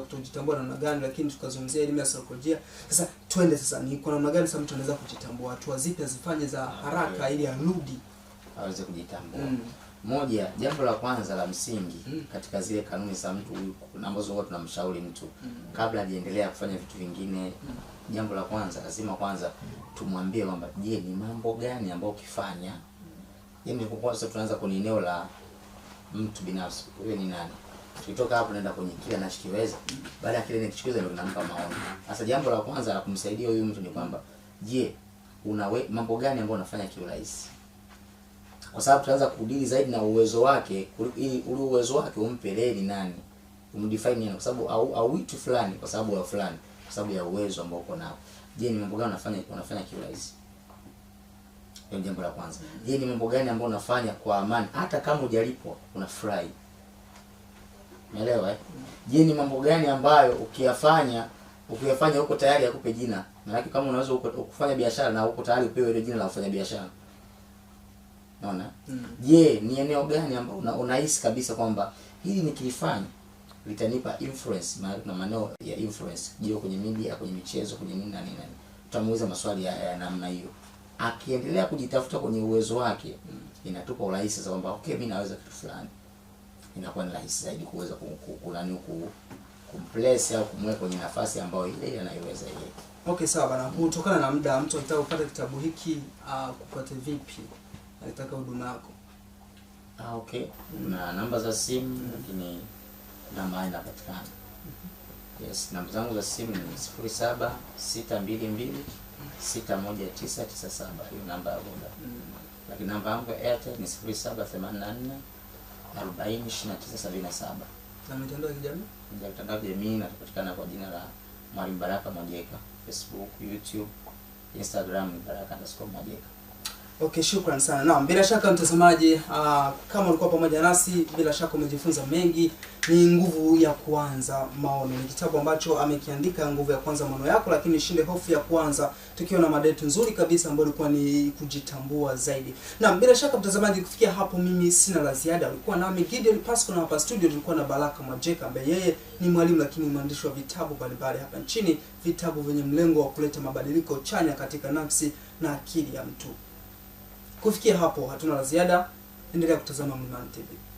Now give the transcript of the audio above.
kutojitambua namna gani, lakini tukazungumzia elimu ya saikolojia. Sasa twende sasa, ni kwa namna gani sasa mtu anaweza kujitambua, hatua zipi azifanye za haraka ili arudi aweze kujitambua. Mm. Moja, jambo la kwanza la msingi mm. katika zile kanuni za mtu huyu ambazo huwa tunamshauri mtu mm. kabla hajaendelea kufanya vitu vingine mm. jambo la kwanza lazima kwanza tumwambie kwamba je, ni mambo gani ambayo ukifanya, mm. yani kwa kwanza tunaanza kwenye eneo la mtu binafsi, wewe ni nani? Kitoka hapo naenda kwenye kile anachokiweza. Baada ya kile ninachokiweza ndio ninampa maoni. Sasa jambo la kwanza la kumsaidia huyu mtu ni kwamba je, una mambo gani ambayo unafanya kiurahisi? Kwa sababu tunaanza kudili zaidi na uwezo wake ili ule uwezo wake umpe leni nani? Umdefine nini? Kwa sababu au auitu fulani kwa sababu ya fulani, kwa sababu ya uwezo ambao uko nao. Je, ni mambo gani unafanya unafanya kiurahisi? Ndio jambo la kwanza. Je, ni mambo gani ambayo unafanya kwa amani hata kama hujalipwa unafurahi? Umeelewa eh? Je, ni mambo gani ambayo ukiyafanya ukiyafanya huko tayari yakupe jina? Maana kama unaweza kufanya biashara na huko tayari upewe ile jina la kufanya biashara. Unaona? Mm. Je, Mm. ni eneo gani ambapo unahisi una kabisa kwamba hili nikilifanya litanipa influence, maana na maneno ya influence. jio kwenye media, kwenye michezo, kwenye nini na nini. Tutamuuliza maswali ya, ya namna hiyo. Akiendelea kujitafuta kwenye uwezo wake, mm. inatupa urahisi za kwamba okay, mimi naweza kitu fulani inakuwa ni rahisi zaidi kuweza kunani kumplace au kumweka kwenye nafasi ambayo ile anaiweza yeye. Okay, sawa bana. Kutokana na muda, mtu anataka kupata kitabu hiki uh, ah, kupate vipi? Anataka huduma yako. Ah, okay. Kuna namba za simu mm. lakini kuna mahali inapatikana. Mm -hmm. Yes, namba zangu za simu ni sifuri saba sita moja hiyo namba ya Vodacom. Mm. Mm-hmm. Lakini namba yangu ya Airtel ni sifuri saba arobaini ishirini na tisa sabini na saba na mitandao ya kijamii ya mitandao ya kijamii natupatikana kwa jina la Mwalimu Baraka Mwajeka, Facebook, YouTube, Instagram ni Baraka underscore Mwajeka. Okay, shukran sana. Naam, bila shaka mtazamaji, uh, kama ulikuwa pamoja nasi, bila shaka umejifunza mengi. Ni nguvu ya kuanza maono, ni kitabu ambacho amekiandika Nguvu ya Kuanza Maono Yako, lakini Shinde Hofu ya Kuanza, tukiwa na mada yetu nzuri kabisa ambayo ilikuwa ni kujitambua zaidi. Naam, bila shaka mtazamaji, kufikia hapo mimi sina la ziada. Ulikuwa nami Gideon Pasco na hapa studio nilikuwa na Baraka Mwajeka ambaye yeye ni mwalimu lakini mwandishi wa vitabu mbalimbali hapa nchini, vitabu vyenye mlengo wa kuleta mabadiliko chanya katika nafsi na akili ya mtu. Kufikia hapo hatuna la ziada, endelea kutazama Mlimani TV.